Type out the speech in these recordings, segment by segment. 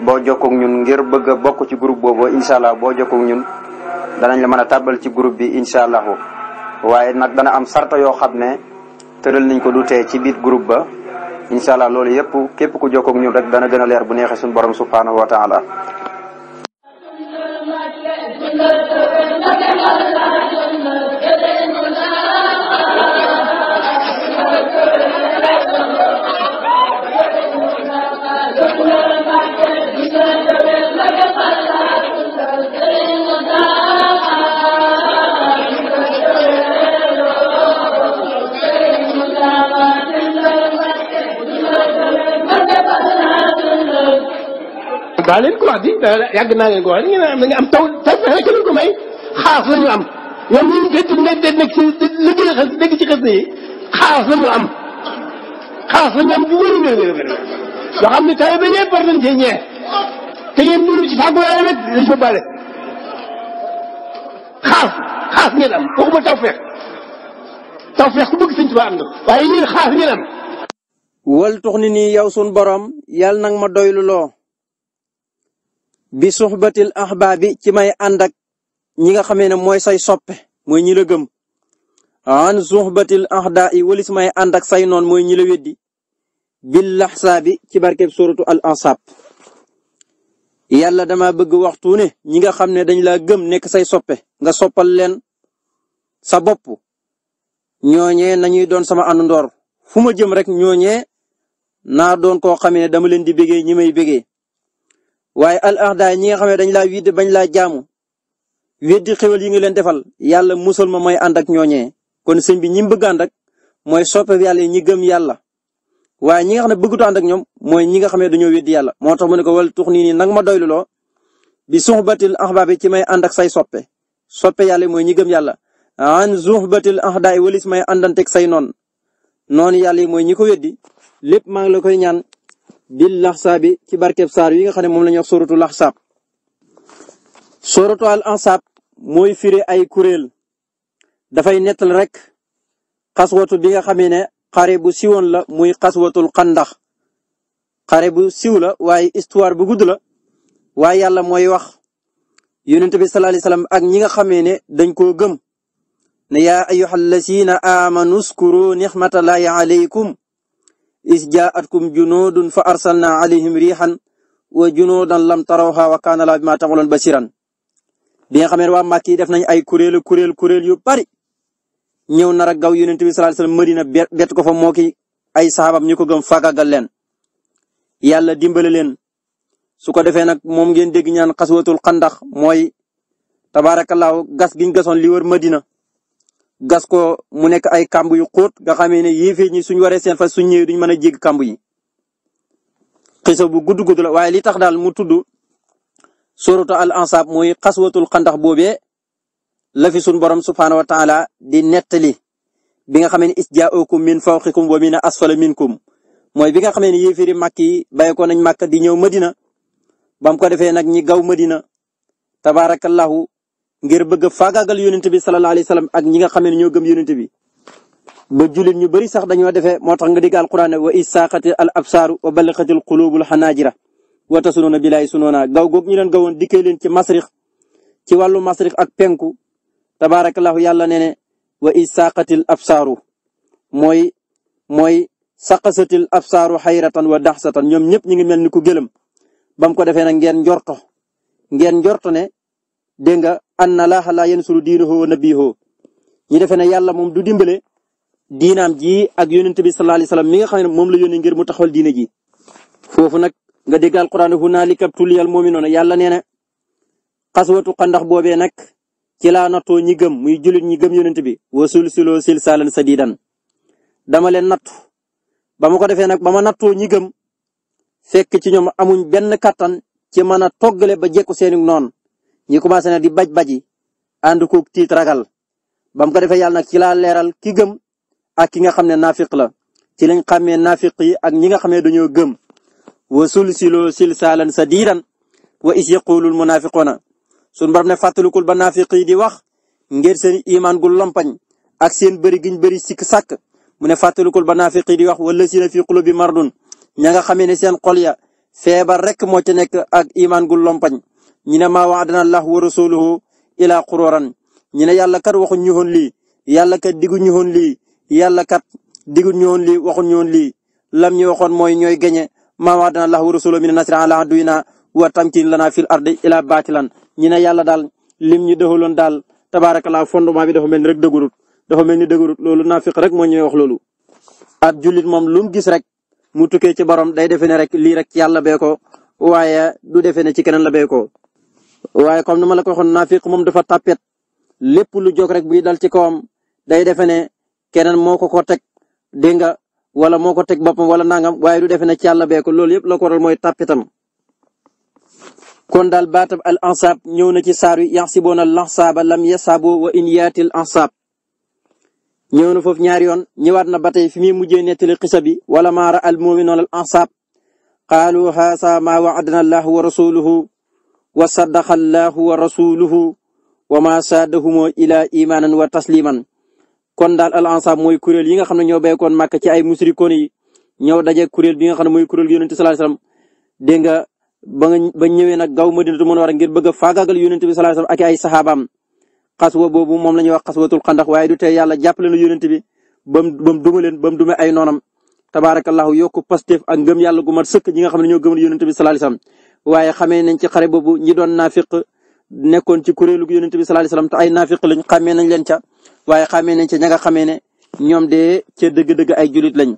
boo jokkook ñun ngir bëgg a bokk ci groupe boobu incha allah boo jokkook ñun danañ la mën a tàbbal ci groupe bi incha allahu waaye nag dana am sarta yoo xam ne tëral nañ ko du tee ci biir groupe ba incha loolu yëpp képp ku jokkook ñun rek dana gën leer bu neexee suñ borom subhanahu wa taala daa leen ko wax di yàgg naa leen ko wax ngeen am da nga am taw taw fexe rek lañ ko may xaas la ñu am ñoom ñu ngi nekk nekk si liggéey xas dégg ci xas yi xaas la ñu am xaas la ñu am bu wér a wér yoo xam ne tawee ba ñëpp war nañ cee ñee te ngeen dund ci fàggu yàlla rek lañ fa bale xaas xaas ngeen am waxuma taw feex taw feex ku bëgg sëñ Tuubaa am na waaye ñun xaas ngeen am. wal tux ni nii yow sun borom yàlla nag ma doylu loo bi suxbatil ahbaabi ci may ànd ak ñi nga xamee ne mooy say soppe mooy ñi la gëm an suxbatil ahdaa yi walis may ànd ak say noon mooy ñi la weddi bil bi ci barkeb suratu al sap yàlla dama bëgg waxtu ne ñi nga xam ne dañ laa gëm nekk say soppe nga soppal leen sa bopp ñooñee nañuy doon sama àndandoor fu ma jëm rek ñooñee naa doon koo xamee ne dama leen di bégee ñi may bégee waaye al ahda ñi nga xam ne dañ laa widd bañ laa jaamu weddi xéwal yi nga leen defal yàlla musul ma mooy ànd ak ñooñee kon sëñ bi ñi mu bëgg ànd ak mooy soppeeku yàlla ñi gëm yàlla waaye ñi nga xam ne bëggut ànd ak ñoom mooy ñi nga xam ne dañoo weddi yàlla moo tax mu ne ko wal tux nii nii nag ma doyluloo bi suxbatil ahbaab ci may ànd ak say soppe soppe yàlla mooy ñi gëm yàlla an suxbatil ahdaay walis may àndanteeg say noon noonu yàlla yi mooy ñi ko weddi lépp maa ngi la bil laxsaabi ci barkeb sar yi nga xam ne moom la ñuy wax sóoratu laxsaab al ansaab mooy firi ay kuréel dafay nettal rek xaswatu bi nga xamee ne xare bu siwoon la muy xaswatul xandax xare bu siw la waaye histoire bu gudd la waaye yàlla mooy wax yonent bi sallallahu alayhi wasallam ak ñi nga xamee ne dañ koo gëm ne yaa ayyuhal lazina amanu skuru nixmatallahi alaykum is jaatkum junudun fa arsalna alayhim rihan wa junudan lam tarawha wa kana la bima ta'malun basiran bi nga xamee waa Màkki def nañ ay kuréelu kuréel kuréel yu bari ñëw nar gaw yonent bi sallallahu alayhi wasallam Madina bett ko fa moo ay saxaabam ñu ko gëm fàggagal leen yàlla dimbale leen su ko defee nag moom ngeen dégg ñaan xaswatul xandax mooy tabaarakallaahu gas giñ gasoon li wër Madina gas ko mu nekk ay kamb yu xóot ga xamee ne yéefee ñi suñ waree seen fas suñ ñëwee duñ mën a jégg kàmb yi xisa bu gudd gudd la waaye li tax daal mu tudd suratu al ansab mooy xaswatul xandax boobee la fi borom subhaanahu wa taala di nettali bi nga xamee ne isjaa'ukum min fawqikum wa min asfala minkum mooy bi ga xamee ne yéefiri màkk yi bàyyi ko nañ màkk di ñëw madina bam ko defee nag ñi gaw madina tabarakallahu ngir bëgg a faagaagal yonent bi sallallahu alayhi wa sallam ak ñi nga xam ne ñoo gëm yonent bi ba jullit ñu bëri sax dañoo defee moo tax nga dégg alquran wa isaaqati al absaaru wa balixati al qulubu al xanaajira wa tasunoona bilaay sunoona gaw goog ñu leen gawoon dikkee leen ci masrix ci wàllu masrix ak penku tabaarakallahu yàlla nee ne wa isaaqati al absaaru mooy mooy saqasati al absaaru xayratan wa daxsatan ñoom ñëpp ñu ngi mel ni ku gëlëm ba ko defee nag ngeen njorto ngeen njorto ne na laaha laa yansuru diinahu wa nabiyahu ñu defee ne yàlla moom du dimbale diinaam ji ak yonent bi sallallahu alayhi wasallam mi nga xam ne moom la yónnee ngir mu taxawal diina ji foofu nag nga dégg alquran hunaalika tuliyal mu'minuuna yàlla nee na xaswatu xandax boobee nag ci laa nattoo ñi gëm muy jullit ñi gëm yonent bi wa sulsiloo silsaalan sadiidan dama leen nattu ba ma ko defee nag ba ma nattoo ñi gëm fekk ci ñoom amuñ benn kattan ci mën a toggale ba jekku seeni noon ñi commencé na di baj baji ànd koog tiit ragal bam ko defee yàlla nag ci laa leeral ki gëm ak ki nga xam ne naafiq la ci lañ xàmmee naafiq yi ak ñi nga xam ne dañoo gëm wa sulsiloo silsaalan sadiidan wa is yaqulul munaafiqoona suñ borom ne fàttalikul ba naafiq yi di wax ngir seen imaan gu lompañ ak seen bëri giñ bëri sik sàkk mu ne fàttalikul ba naafiq yi di wax wala si na fi xulubi mardun ña nga xamee ne seen xol ya feebar rek moo ci nekk ak imaan gu lompañ ñu ne maa wa'adana Allahu wa rasuluhu ilaa qururan ñu ne yàlla kat waxuñ ñu woon lii yàlla kat digguñ ñu woon lii yàlla kat digguñ ñu woon lii waxuñ ñu woon lii lam ñu waxoon mooy ñooy gañe maa wa'adana Allahu wa rasuluhu min nasrin alaa aduwwinaa wa tamkiin lanaa fil ardi ilaa baatilan ñu ne yàlla daal lim ñu dëxaloon daal tabaarakallaa fondement bi dafa mel ni rek dëgërut dafa mel ni dëgërut loolu naafiq rek moo ñoy wax loolu ab jullit moom lu mu gis rek mu tukkee ci borom day defe ne rek lii rek yàlla bee ko waaye du defe ne ci keneen la bee waaye comme ni ma la ko waxoon naafiq moom dafa tàppet lépp lu jog rek buy dal ci kawam day defe ne keneen moo ko ko teg dégg nga wala moo ko teg boppam wala nangam waaye du defe ne ci yàlla ko loolu yëpp la ko waral mooy kon daal baatab al ansaab ñëw na ci saar wi yaxsiboona al ansaaba lam yasaabu wa in yaati al ansaab ñëw na foofu ñaari yoon ñëwaat na ba tey fi muy mujjee nettali xisa bi wala maara al muminoon al ansaab qaalu haasa maa waadana allah wa rasuluhu wa saddaqa allahu wa rasuluhu wa ma saadahumoo ila imaanan wa tasliman kon daal al ansab mooy kuréel yi nga xam ne ñoo béykoon màkk ci ay musrikoon yi ñëw daje kuréel bi nga xam ne mooy kuréel yonente sallallahu alayhi wasallam dégg nga ba nga ba ñëwee nag gaaw madinatu munawwara ngir bëgg a faagaagal yonente bi sallallahu alayhi wasallam ak ay saxaabaam xaswa boobu moom la ñuy wax xaswatul xandax waaye du tey yàlla jàppale na yonente bi bam bam duma leen bam dume ay noonam tabaarakallahu yokku pasteef ak yàlla gu mat sëkk ñi nga xam ne ñoo gëmal yonente bi sallallahu alayhi waaye xamee nañ ci xare boobu ñi doon naafiq nekkoon ci kuréelu yonent bi sallallahu alayhi wasallam te ay naafiq lañ xamee nañ leen ca waaye xamee nañ ca ña nga xamee ne ñoom de ca dëgg-dëgg ay julit lañ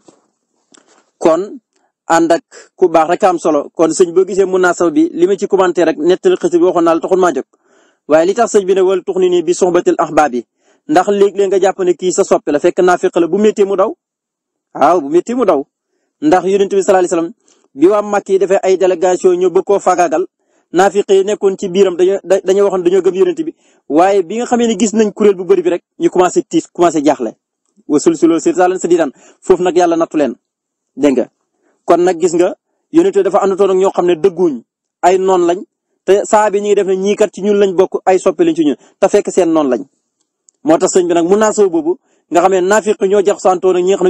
kon ànd ak ku baax rek am solo kon sëñ boo gisee munaasaba bi li ma ci commenté rek nettali xës bi waxoon naa la taxul maa jóg waaye li tax sëñ bi ne wal tux ni nii bi soxbatil ahbaab yi ndax léeg-léeg nga jàpp ne kii sa soppi la fekk naafiq la bu méttee mu daw waaw bu méttee mu daw ndax yonent bi sallallahu alayhi bi waa Màkk yi defee ay délégation ñu bëgg koo faagaagal naafiq yi nekkoon ci biiram dañoo dañoo waxoon dañoo gëm yonent bi waaye bi nga xamee ne gis nañ kuréel bu bëri bi rek ñu commencé tiit commencé jaaxle wasul si loolu sirtaalan sadiidan foofu nag yàlla nattu leen dégg nga kon nag gis nga yonent dafa àndatoon ñoo xam ne dëgguñ ay noon lañ te saa bi ñu ngi def ne ñii kat ci ñun lañ bokk ay soppe lañ ci ñun te fekk seen noon lañ moo tax sëñ bi nag mun naa soo boobu nga xam ne naafiq ñoo jax santoo nag ñi nga xam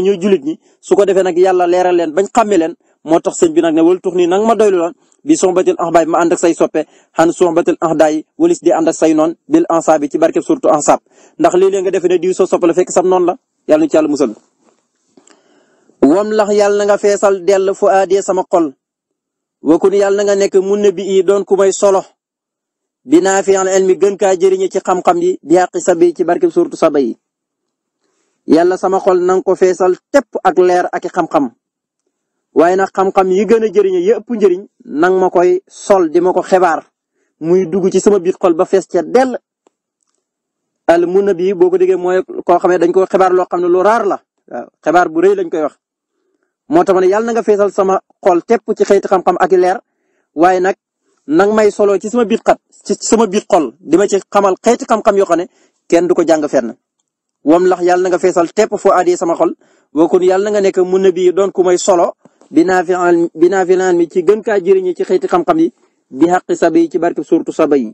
ne ñooy moo tax sëñ bi nag ne wal tux nii nang ma doylu loon bi soxbatil axbaay ma ànd ak say soppe xan soxbatil axdaay walis di ànd say noon bil ansaab bi ci barkeb surtout ansaab ndax léeg-léeg nga defe ne diw soo soppe la fekk sam noonu la yàlla ñu ci yàlla lax yàlla nga feesal del fu aadee sama xol wakun yàlla na nga nekk mun na bi i doon ku may solo bi naa fi an elmi gën kaa jëriñe ci xam-xam yi bi àqi sa bi ci barkeb surtout saba yi yàlla sama xol nang ko feesal tepp ak leer ak xam waaye nag xam-xam yi gën a jëriñe yi ëpp njëriñ nang ma koy sol di ma ko xibaar muy dugg ci sama biir xol ba fees ca dell al munabi boo ko déggee mooy koo xam ne dañ ko xibaar loo xam ne lu raar la waaw xibaar bu rëy lañ koy wax moo tax ma ne yàlla na nga feesal sama xol tepp ci xeeti xam-xam ak leer waaye nag nang may solo ci sama biir xat ci sama biir xol di ma ci xamal xeeti xam-xam yoo xam ne kenn du ko jàng fenn wam lax yàlla na nga feesal tepp foo aadee sama xol boo kon yàlla na nga nekk munabi doon ku may solo binaafiaan binaafilaan mi ci gën kaa jëriñi ci xeeti xam-xam yi bi xaqi saba yi ci barke suratu saba yi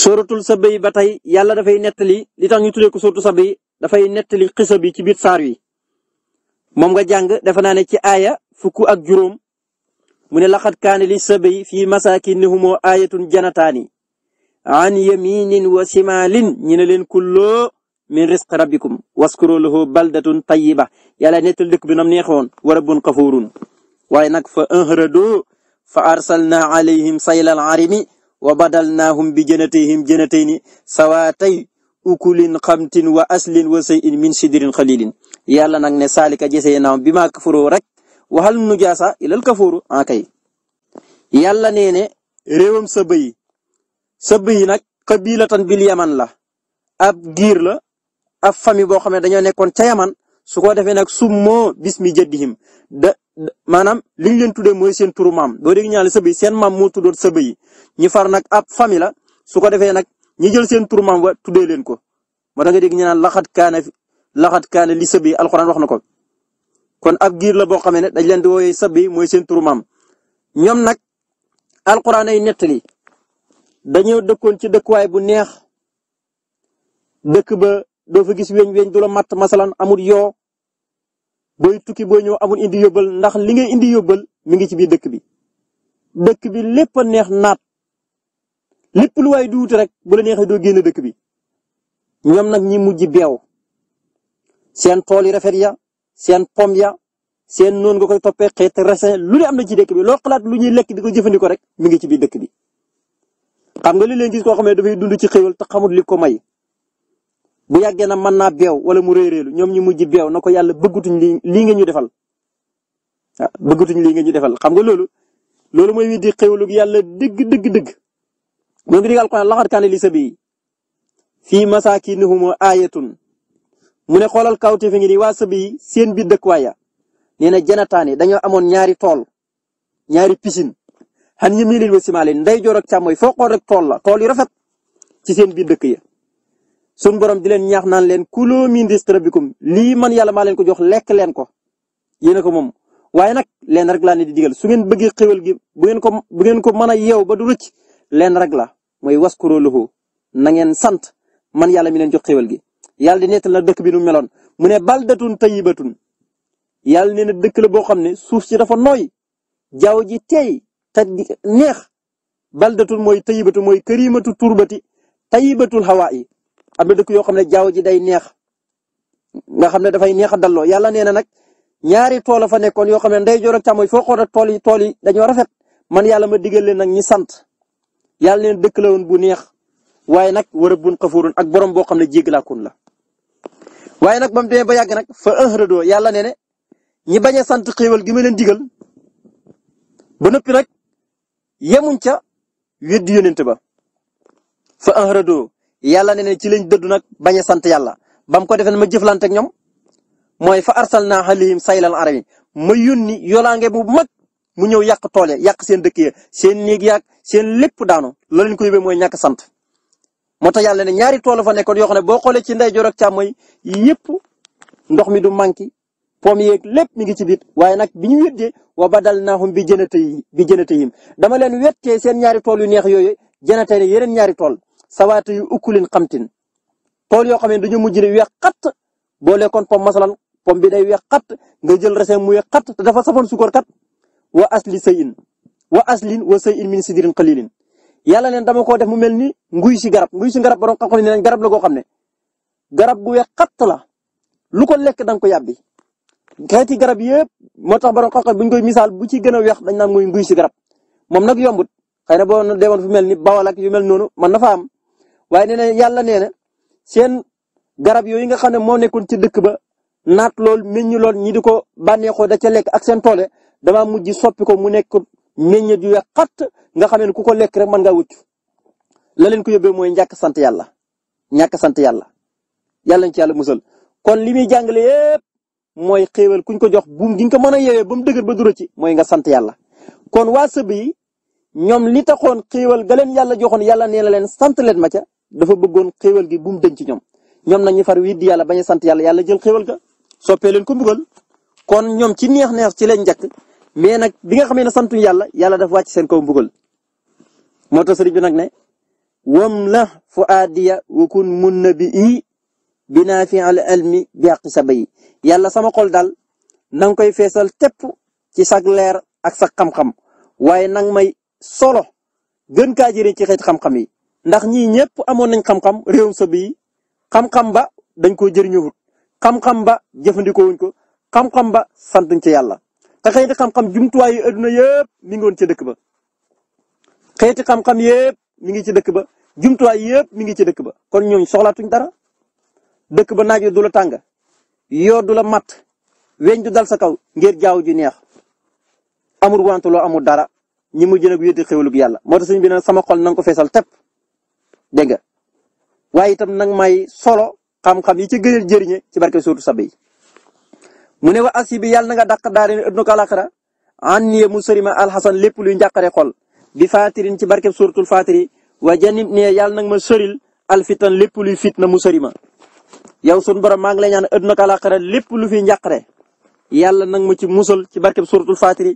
suratul saba ba tey yàlla dafay nettali li tax ñu tuddee ko suratu saba yi dafay nettali xisa bi ci biir saar wi moom nga jàng defe naa ne ci aaya fukk ak juróom mu ne laqad kaana li saba yi fii masaakinihum aayatun janataani an yaminin wa simaalin ñi ne leen min risqi rabbikum waskuru lahu baldatun tayyiba yàlla nettal dëkk bi nam neexoon wa rabbun xafurun waaye nag fa anhradu fa arsalna alayhim saylal arimi wa badalnaahum bi janatayhim janatayni sawaatay ukulin xamtin wa aslin wa sayin min sidrin xalilin yàlla nag ne saalika jasaynaahum bimaa kafaroo rek waxal nujaasa ilal kafuuru en ah kay yàlla nee ne réewam sëb yi nag qabilatan bil yaman la ab giir la ab famille boo xam ne dañoo nekkoon ca Yaman su ko defee nag summoo bismi jaddihim da maanaam li ñu leen tuddee mooy seen turu maam doo dégg ñaale seen maam moo tuddoon sëbëy ñi far nag ab famille su ko defee nag ñi jël seen turu tuddee leen ko moo tax nga dégg ñu laxat kaana laxat kaana li sëbëy alxuraan wax na ko kon ab giir la boo xam ne dañ leen di woowee sëbëy mooy seen nag alxuraan ay nettali dañoo dëkkoon ci dëkkuwaay bu neex dëkk ba doo fa gis weñ-weñ du la matt masalan amul yoo booy tukki booy ñëw amul indi yóbbal ndax li ngay indi yóbbal mi ngi ci biir dëkk bi dëkk bi lépp neex naat lépp lu waay duuti rek bu neexee doo génn dëkk bi ñoom nag ñi mujj beew seen tool yi rafet ya seen pom ya seen noon nga koy toppee xeeti raisin lu ne am na ci dëkk bi loo xalaat lu ñuy lekk di ko jëfandikoo rek mu ngi ci biir dëkk bi. xam nga li leen gis koo xam ne dafay dund ci xéwal te xamul li ko may bu yàggee na mën naa beew wala mu réeréelu ñoom ñu mujj beew na ko yàlla bëggatuñ lii lii nga ñu defal ah bëggatuñ lii nga ñu defal xam nga loolu loolu mooy wii di xéwlug yàlla dëgg dëgg dëgg moo ngi digal Alxuraan laqad kaana li sabii fii masaakinihim aayatun mu ne xoolal kawte fi ngi nii waa sabii seen biir dëkkuwaay ya nee na dañoo amoon ñaari tool ñaari piscine xan yamiinin wa simaalin ndeyjoor ak càmmooy foo xool rek tool la tool yu rafet ci seen biir dëkk ya sun borom di leen ñaax naan leen kuloo min rizqi rabbikum lii man yàlla maa len ko jox lekk leen ko yéena ko moom waaye nag leen rek laa ne di digal su ngeen bëggee xéwal gi bu ngeen ko bu ngeen ko mën a yeew ba du rëcc len rek la mooy waskuroo lahu na ngeen sant man yàlla mi leen jox xéwal gi yàlla di nettal na dëkk bi nu meloon mu ne baldatun tayyibatun yàlla nee na dëkk la boo xam ne suuf si dafa nooy jaww ji teey te neex baldatun mooy tayyibatun mooy karimatu turbati tayyibatul hawaa yi am dëkk yoo xam ne jaww ji day neex nga xam ne dafay neex a dalloo yàlla nee na nag ñaari tool a fa nekkoon yoo xam ne joor a càmmooñ foo xoolee tool yi tool yi dañoo rafet man yàlla ma digal leen nag ñi sant yàlla leen dëkk la woon bu neex waaye nag war a bun xafurun ak borom boo xam ne jéeglaakoon la. waaye nag ba mu ba yàgg nag fa ëhrëdoo yàlla nee ne ñi bañ a sant xéewal gi ma leen digal ba nag yemuñ ca weddi yónent ba fa ëhrëdoo yàlla ne ne ci lañ dëddu nag bañ a sant yàlla ba ko defee ma jëflante ñoom mooy fa arsalnaa alayhim saylan arami ma yónni yolaange bu mag mu ñëw yàq tool ya yàq seen dëkk ya seen néeg yaag seen lépp daanu la leen ko yóbbee mooy ñàkk sant. moo tax yàlla ne ñaari tool fa nekkoon yoo xam ne boo xoolee ci ndeyjoor ak càmmooñ yëpp ndox mi du manqué pomme yeeg lépp mi ngi ci biir waaye nag bi ñu weddee wa badalnaahum bi jannatayhim bi jannatayhim dama leen wettee seen ñaari tool yu neex yooyu jannatayni yeneen ñaari tool sawaatu yu ukkulin xamtin tool yoo xam ne dañoo mujj ne weex xat boo lekkoon pom masalan pom bi day weex xat nga jël raisin mu weex xat te dafa safoon suukar kat wa asli sayin wa aslin wa sayin min sidirin qalilin yàlla neen dama koo def mu mel ni nguy si garab nguy si garab borom xam-xam garab la goo xam ne garab gu weex xat la lu ko lekk danga ko yàbbi xeeti garab yëpp moo tax borom xam-xam bu ñu koy misaal bu ci gën a weex dañ naan muy nguy si garab moom nag yombut xëy na boo demoon fu mel ni bawal ak yu mel noonu man na fa am waaye nee na yàlla nee na seen garab yooyu nga xam ne moo nekkoon ci dëkk ba naat lool meññ lool ñi di ko bànneexoo da ca lekk ak seen toole dama mujj soppi ko mu nekk meññeet yu xat nga xam ne ku ko lekk rek mën nga wëccu la ko yóbbee mooy ñàkk sant yàlla ñàkk sant yàlla yàlla ñu ci yàlla kon li muy jàngale mooy xéewal kuñ ko jox buum gi ko mën a yeewee ba mu dëgër ba dura ci mooy nga sant yàlla kon waa sëb yi ñoom li taxoon xéewal ga leen yàlla joxoon yàlla nee na leen sant leen ma ca dafa bëggoon xéewal gi bu mu ci ñoom ñoom nag ñu far wii di yàlla bañ a sant yàlla yàlla jël xéewal ga soppee leen ko mbugal kon ñoom ci neex-neex ci lañ njëkk mais nag bi nga xamee ne santuñ yàlla yàlla dafa wàcc seen kaw mbugal moo tax sëriñ bi nag ne wam la fu aadiya wakun mun na bi i binaa fi al mi bi àq sa bayi yàlla sama xol daal nang koy feesal tepp ci sag leer ak sa xam-xam waaye nang may solo gën kaa jëriñ ci xeet xam-xam yi ndax ñii ñëpp amoon nañ xam-xam réew sa bi xam-xam ba dañ ko jëriñoowut xam-xam ba jëfandikoowuñ ko xam-xam ba santuñ ci yàlla te xeeti xam-xam jumtuwaay yu adduna yëpp mi ngi woon ci dëkk ba xeeti xam-xam yëpp mi ngi ci dëkk ba jumtuwaay yëpp mu ngi ci dëkk ba kon ñooñ soxlaatuñ dara dëkk ba naaj du la tàng yoo du la mat weñ du dal sa kaw ngir jaaw ju neex amul wantu loo amul dara ñi mujj nag wéeti xéwlu yàlla moo tax sëñ sama xol na ko feesal tepp dégg nga waaye itam nag may solo xam-xam yi ci gënal jëriñe ci barke suurtu Sabé mu ne wa bi yàlla na nga dàq daal di ëdduna ko alaxira anniye mu sërima alxasan lépp luy njàqare xol bi faatirin ci barke suuratul faatiri wa yàlla nag ma sëril alfitan lépp luy fitna mu sërima yow sun borom maa ngi lay ñaan ëdduna lépp lu fiy njàqare yàlla nag ma ci musal ci barke suuratul faatiri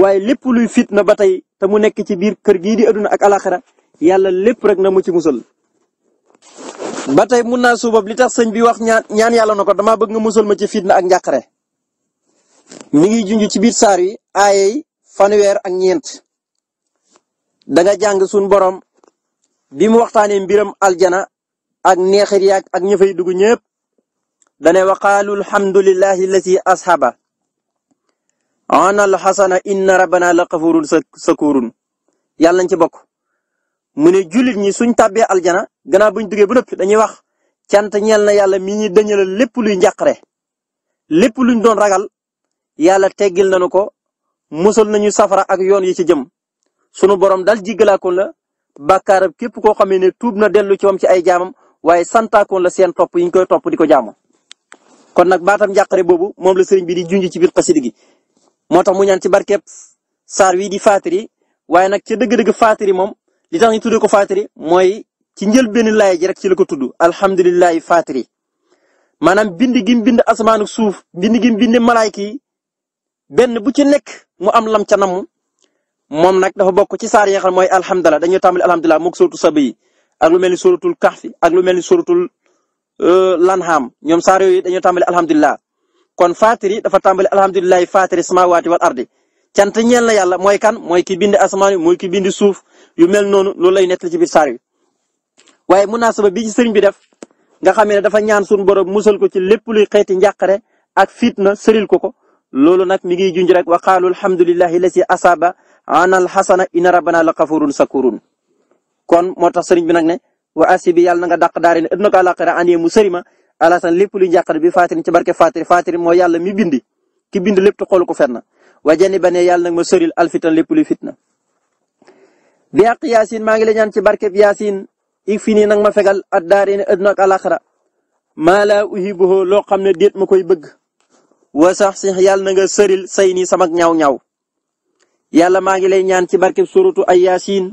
waaye lépp luy fitna ba tey te mu nekk ci biir kër gii di ëdduna ak alaxira yàlla lépp rek na mu ci musal. ba tey mun naa suubab li sëñ bi wax ñaan ñaan yàlla na ko damaa bëgg nga musal ma ci fitna ak njàqare. mi ngi junj ci biir saar yi aayey fanweer ak ñeent. danga jàng suñu borom bi mu waxtaanee mbiram aljana ak neexir yaak ak ña fay dugg ñëpp. dane waqaalu alhamdulillahi allati ashaba ana alxasana inna rabbana la xafurun sakurun yàlla nañ ci bokk mu ne jullit ñi suñ tàbbee aljana gannaaw buñ duggee ba noppi dañuy wax cant ñeel na yàlla mi ñuy dëñalal lépp luy njàqare lépp luñ doon ragal yàlla teggil nañu ko musal nañu safara ak yoon yi ci jëm sunu borom dal jiggalaakoon la bàkkaarab képp koo xamee ne tuub na dellu ci moom ci ay jaamam waaye santaakoon la seen topp yi ñu koy topp di ko jaamu. kon nag baatam njàqare boobu moom la sëriñ bi di junj ci biir xasida gi moo tax mu ñaan ci barkeeb saar wi di li tax ñu tuddee ko faatiri mooy ci njëlbéenu benn ji rek ci la ko tudd alhamdulilahi faatiri maanaam bind gi bind asamaan suuf bind gim mu bind malaayka benn bu ci nekk mu am lam canam namu moom nag dafa bokk ci saar yi nga xam mooy alhamdulilah dañoo tàmbali alhamdulilah moog sóoratu saba yi ak lu mel ni sóoratul kahfi ak lu mel ni sóoratul euh, lanham ñoom saar yooyu dañoo tàmbali alhamdulilah kon faatiri dafa tàmbali alhamdulilah faatiri samawaati wal ardi cant ñeel na yàlla mooy kan mooy ki bind asamaan yi mooy ki bind suuf yu mel noonu loolu lay nekk ci biir saar wi waaye munaasaba bi ci sëriñ bi def nga xam ne dafa ñaan suñu borom musal ko ci lépp luy xeeti njàqare ak na sëril ko ko loolu nag mi ngi junj rek wa qaalu alhamdulillahi lasi asaba ana alxasana inna rabbana la xafurun sakurun kon moo tax sëriñ bi nag ne wa asibi yàlla na nga dàq daari ne ëdduna ko àllaaxira mu sëri ma alasan lépp luy njàqare bi faatirin ci barke faatiri faatiri mooy yàlla mi bindi ki bind lépp te ko fenn wajani ba ne yàlla nag ma soril alfitan lépp luy fitna. bi àq yaasin maa ngi la ñaan ci barkeb yaasin ik fi nii nag ma fegal at daareeni adduna ak alaxira maa laa loo xam ne déet ma koy bëgg. wa sax si yàlla na nga sëril say nii sama ñaaw-ñaaw. yàlla maa ngi lay ñaan ci barkeb suratu ay yaasin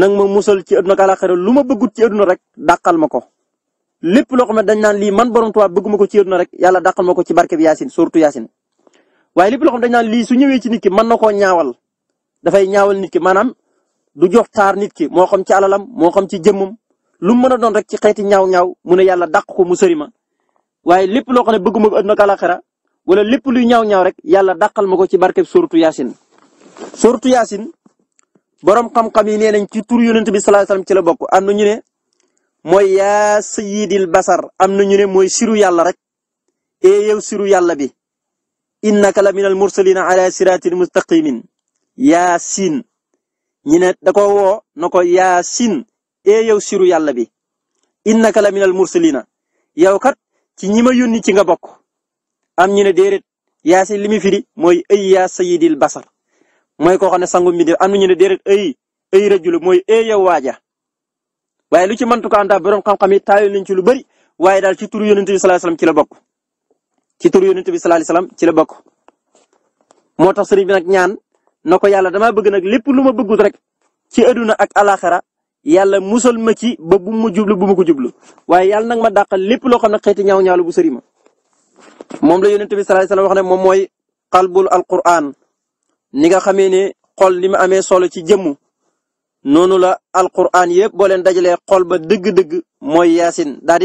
nag ma musal ci adduna ak alaxira lu ma bëggut ci adduna rek dàqal ma ko. lépp loo xam ne dañ naan lii man borom Tuubaa bëgguma ko ci adduna rek yàlla dàqal ma ko ci barkeb yaasin suratu yaasin. waaye lépp loo xam lii su ñëwee ci nit ki mën na ñaawal dafay ñaawal nit ki maanaam du jox taar nit ki moo xam ci alalam moo xam ci jëmmam lu mën a doon rek ci xeeti ñaaw-ñaaw mu ne yàlla ko mu sori ma waaye lépp loo xam ne bëgguma ko àdduna ak alaxira wala lépp luy ñaw ñaw rek yàlla daqal ma ko ci barkeb suratu yaasin suratu yaasin borom xam-xam yi nee nañ ci tur yonent bi sallallahu alayhi ci la bokk am na ñu ne mooy yaa sayyidil basar am na ñu ne mooy siru yàlla rek e siru yàlla bi innaka la minal mursalina ala siratin mustaqimin yaasin ñi ne da ko woo na ko yaasin ee yow siru yàlla bi innaka la minal mursalina yow kat ci ñi ma yónni ci nga bokk am ñu ne déedéet yaasin li mu firi mooy ay yaa sayidil basar mooy koo xam ne sangu mi def am na ñu ne déedéet ay ay mooy ee yow waaja waaye lu ci mantukaanta borom xam-xam yi taayoon nañ ci lu bari waaye daal ci turu yonent bi sallallahu alayhi wasallam ci la bokk ci tur yonent bi sallallahu alayhi ci la bokk moo tax sëriñ bi nag ñaan na ko yàlla damaa bëgg nag lépp lu ma bëggul rek ci adduna ak alaxira yàlla musal ma ci ba bu mu jublu bu mu ko jublu waaye yàlla nag ma dàqal lépp loo xam ne xeeti ñaaw ñaalu bu sëriñ moom la yonent bi sallallahu alayhi wax ne moom mooy qalbul alquran ni nga xamee ne xool li mu amee solo ci jëmm noonu la alquran yëpp boo leen dajalee xool ba dëgg-dëgg mooy yaasin daa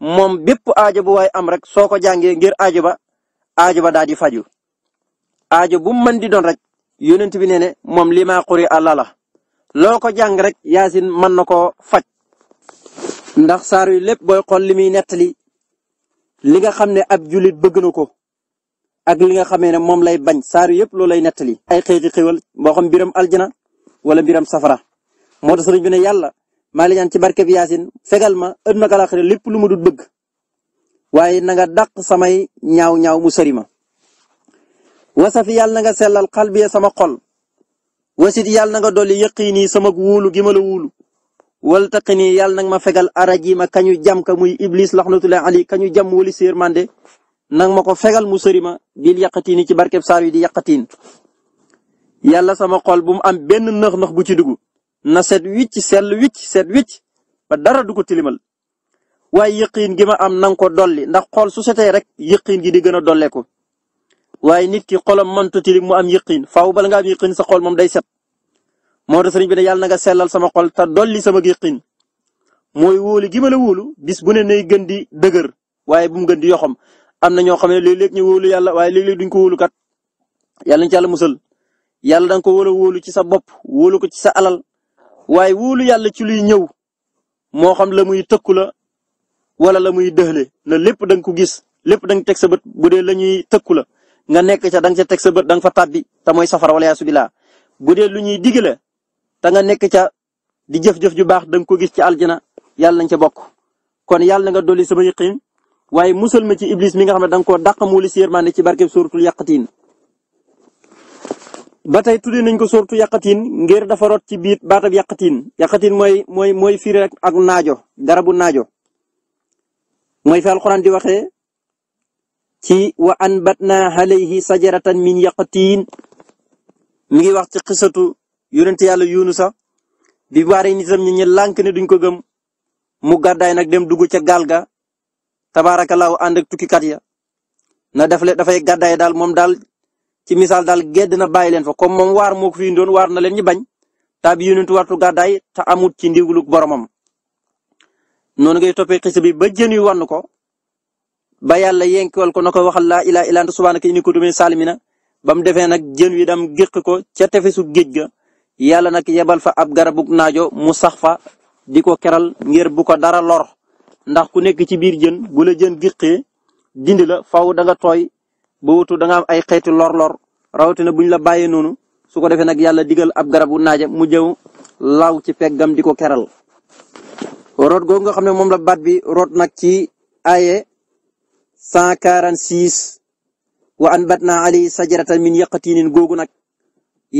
moom bépp aajo bu waay am rek soo ko jàngee ngir aajo ba aajo ba daal di faju aajo bu mën di doon rek yonent bi nee ne moom lii maa xuri àlla loo ko jàng rek yaasin mën na koo faj ndax saar yu lépp booy xool li muy nettali li nga xam ne ab julit bëgg na ko ak li nga xamee ne moom lay bañ saar yu yëpp loo lay nettali ay xëy xéwal boo xom mbiram aljana wala mbiram safara moo tax sëriñ bi yàlla maa ngi ñaan ci barke bi fegal ma àdduna ak àllaaxira lépp lu ma dul bëgg waaye na nga samay ñaaw ñaaw mu sori ma. wasafi yàlla na nga sellal xalbiya sama xol wasit yàlla na nga dolli yaqini sama wuulu gi ma la wuulu wal taqini yàlla nag ma fegal araji ma kañu jam ka muy iblis laxnatullahi ali kañu jam wali séer nang ma ko fegal mu sori ma bil yaqatini ci barkeb saar yi di yaqatiin yàlla sama xol bu am benn nëx-nëx bu ci dugg. na set wicc sell wicc set wicc ba dara du ko tilimal waaye yëqiin gi ma am nanga ko dolli ndax xool su setee rek yëqiin gi di gën a dollee ko waaye nit ki xolam mëntu tilim mu am yëqiin faw bala nga am yëqiin sa xool moom day set moo tax sëriñ bi yàlla nga sellal sama xol te dolli sama yëqiin mooy wóolu gi ma la wóolu bis bu ne nay gën di dëgër waaye bu mu gën di yoxam am na ñoo xam ne léeg-léeg ñu wóolu yàlla waaye léeg-léeg duñ ko wolu kat yàlla nañ ci yàlla musal yàlla danga ko wóolu wóolu ci sa bopp wóolu sa waaye wóolu yàlla ci luy ñëw moo xam la muy tëkku la wala la muy dëxle na lépp dang ko gis lépp dang teg sa bët bu dee la ñuy tëkku la nga nekk ca da nga ca teg sa bët da nga fa tàbbi te mooy safara wala yaasu bilaa bu dee lu ñuy digg la te nga nekk ca di jëf-jëf ju baax da ko gis ci aljana yàlla nañ ca bokk kon yàlla na nga dolli sama yëqin waaye musal ma ci iblis mi nga xam ne da nga koo dàq muuli si yërmande ci barkeb suuratul yàqatiin ba tey tuddee nañ ko sortu yàqatiin ngir dafa rot ci biir baatab yàqatiin yàqatiin mooy mooy mooy firi ak naajo garabu naajo mooy fi alxuraan di waxee ci wa anbatna alayhi sajaratan min yàqatiin mi ngi wax ci xisatu yonent yàlla yunusa bi baare nitam ñi ñu lànk ne duñ ko gëm mu gàddaay nag dem dugg ca gaal ga tabaarakallaahu ànd ak tukkikat ya na daf le dafay gàddaay daal moom daal ci misaal daal gedd na bàyyi leen fa comme moom waar moo ko fi indoon waar na leen ñu bañ taa bi yónentu wartu gàddaay te amut ci ndiglu boromam. noonu ngay toppee xisa bi ba jën yu wan ko ba yàlla yenkiwal ko na ko waxal laa ilaaha illaa anta subhaanaka innii kuntu minaz zaalimiin ba mu defee nag jën wi dam géq ko ca tefesu géej ga yàlla nag yebal fa ab garabug naajo mu sax fa di ko keral ngir bu ko dara lor ndax ku nekk ci biir jën bu la jën géqee dindi la faw da nga tooy ba wutu da am ay xeetu lor-lor rawatina buñ la bàyyee noonu su ko defee nag yàlla digal ab garabu naaja mu jëw law ci peggam di ko keral. root googu nga xam ne moom la baat bi root nag ci aaye 146 wa anbatna ali sajaratan min yaqatinin googu nag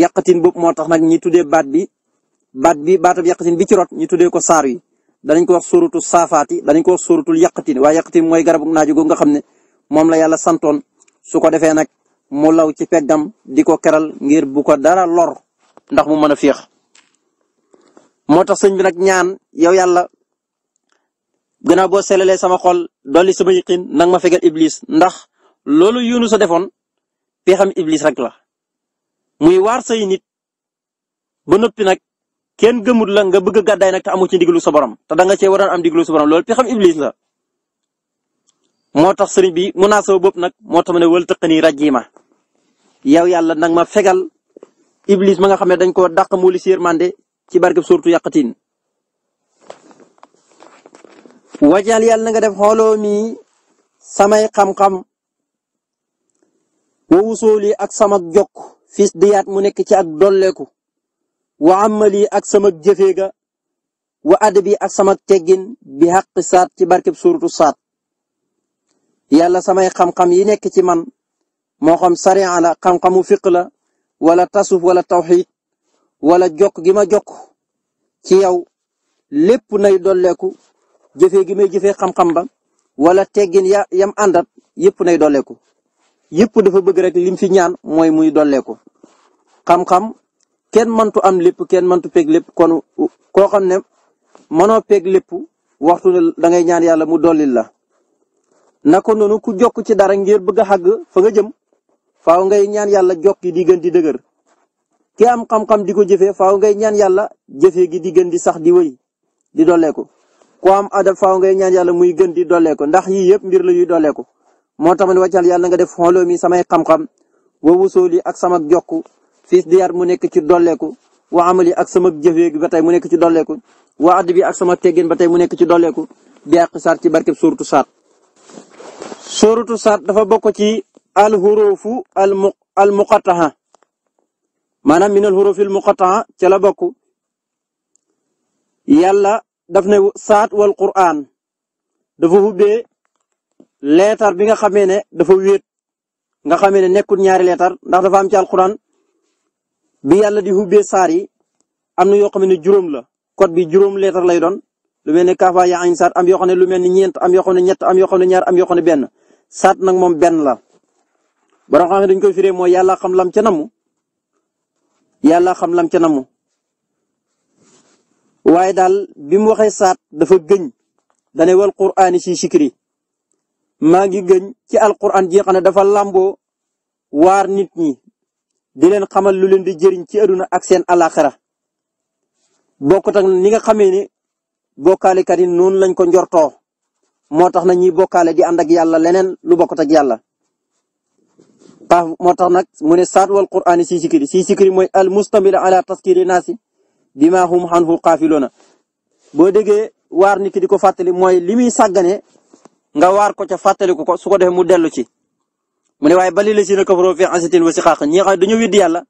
yaqatin boobu moo tax nag ñi tuddee baat bi baat bi baatab yaqatin bi ci root ñi tuddee ko saar yi danañ ko wax sóorutu saafaati danañ ko wax sóorutul yaqatin waaye yaqatin mooy garabu naaja googu nga xam ne moom la yàlla santon su ko defee nag mu law ci peggam di ko keral ngir bu ko dara lor ndax mu mën a féex moo tax sëñ bi nag ñaan yow yàlla gannaaw boo selalee sama xol dolli sama yiqin nag ma fegal iblis ndax loolu Yunus sa defoon pexam iblis rek la muy waar say nit ba noppi nag kenn gëmut la nga bëgg a gàddaay nag te amu ci diglu sa te da nga cee waroon am diglu sa borom loolu pexam iblis la. moo tax sëriñ bi mu naa sama nag moo tax ma ne wël tëqani rajima yow yàlla nag ma fegal iblis ma nga xam ne dañ koo daq mu li si yërmande ci barkeb suurtu yàqatiin wajal yàlla na def xooloo mi samay xam-xam wa wusooli ak sama jokk fis diyaat mu nekk ci ak dolleeku wa amali ak sama jëfee ga wa adabi ak sama teggin bi xaq saat ci barkeb suurtu saat yàlla samay xam-xam yi nekk ci man moo xam sariya la xam-xamu fiq la wala tasuf wala tawxiid walla jokk gi ma jokk ci yow lépp nay dolleeku jëfe gi may jëfee xam-xam ba wala teggin ya yam àndat yëpp nay dolleeku yëpp dafa bëgg rek lim fi ñaan mooy muy dolleeku xam-xam kenn mëntu am lépp kenn mëntu peeg lépp kon koo xam ne mënoo peeg lépp waxtu ne da ngay ñaan yàlla mu dollil la. naka noonu ku jokk ci dara ngir bëgg a xàgg fa nga jëm faaw ngay ñaan yàlla jokk gi di gën di dëgër ki am xam-xam di ko jëfee faw ngay ñaan yàlla jëfee gi di gën di sax di wëy di dolleeku ku am adab faaw ngay ñaan yàlla muy gën di dolleeku ndax yii yëpp mbir la yuy dolleeku moo tax ma ne wàccal yàlla nga def xooloo mi samay xam-xam wa wusooli ak sama jokk jokku di diyaar mu nekk ci dolleeku wa amali ak sama jëfee gi ba tey mu nekk ci dolleeku wa adab bi ak sama teggin ba tey mu nekk ci dolleeku bi ak saar ci barkeb suurtu sóoratu saat dafa bokk ci alxurufu almu almuqattaha maanaam min alxurufi almuqattaha ca la bokk yàlla daf ne saat wal quraan dafa ubbee leetar bi nga xamee ne dafa wet nga xamee ne nekkul ñaari leetar ndax dafa am ci alquran bi yàlla di ubbee saar yi am na yoo xam ne juróom la code bi juróom leetar lay doon lu mel ne kaafa yaa ayn am yoo xam ne lu mel ni ñeent am yoo xam ne ñett am yoo xam ne ñaar am yoo benn saat nag moom benn la borom xam ne dañ koy firee mooy yàlla xam lam ca xam lam ca daal bi mu waxee saat dafa gëñ dane wal quraani si sikri maa ngi gëñ ci alquran ji xam ne dafa lambo waar nit ñi di leen xamal lu leen di jëriñ ci aduna ak seen alaxira bokkut ak ni bokkaalekat yi noonu lañ ko njortoo moo tax na ñuy bokkaale di ànd ak yàlla leneen lu bokkut ak yàlla baax moo tax nag mu ne saat wal qur'aani si sikiri si sikiri mooy al mustamil ala taskiri naasi bima hum hanhu qaafiluuna boo déggee waar nit ki di ko fàttali mooy li muy sàggane nga war ko ca fàttaliku ko su ko defee mu dellu ci mu ne waaye bali la si na kafaroo fi ansitin wa si xaq ñi xam dañu widd yàlla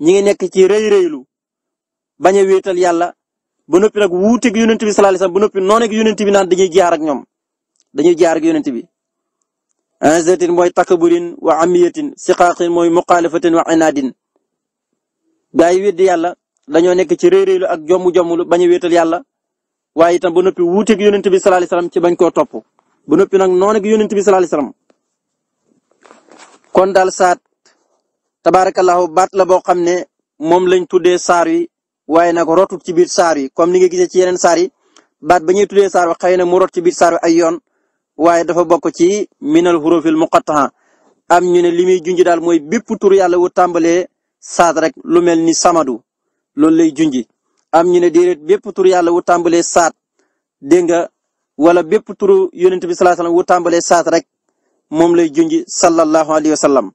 ñi ngi nekk ci rëy rëylu bañ a wéetal yàlla ba noppi nag wuuteeg yonent bi sallallahu alayhi wasallam ba noppi noonu ak yonent bi naan dañuy jaar ak ñoom dañuy jaar ak yonent bi anzatin mooy takaburin wa amiyatin siqaqin mooy muxaalifatin wa inaadin gaa yi weddi yàlla dañoo nekk ci réeréelu ak jommu jommulu bañu a wéetal yàlla waaye itam ba noppi wuuteeg yonent bi sallallahu alayhi ci bañ koo topp ba noppi nag noonu ak yonent bi sallallahu alayhi wasallam kon daal saat tabarakallahu baat la boo xam ne moom lañ tuddee saar yi waaye nag rotul ci biir saar yi comme ni nga gisee ci yeneen saar yi baat ba ñuy tuddee saar wa xëy na mu rot ci biir saar wi ay yoon waaye dafa bokk ci minal hurufil muqatta'a am ñu ne li muy junj daal mooy bépp tur yàlla wu tàmbalee saad rek lu mel ni samadu loolu lay junji am ñu ne déedéet bépp tur yàlla wu tàmbalee saat dégg nga wala bépp turu yonent bi sallallahu alayhi wasallam wu tàmbalee saat rek moom lay junji sallallahu alayhi wasallam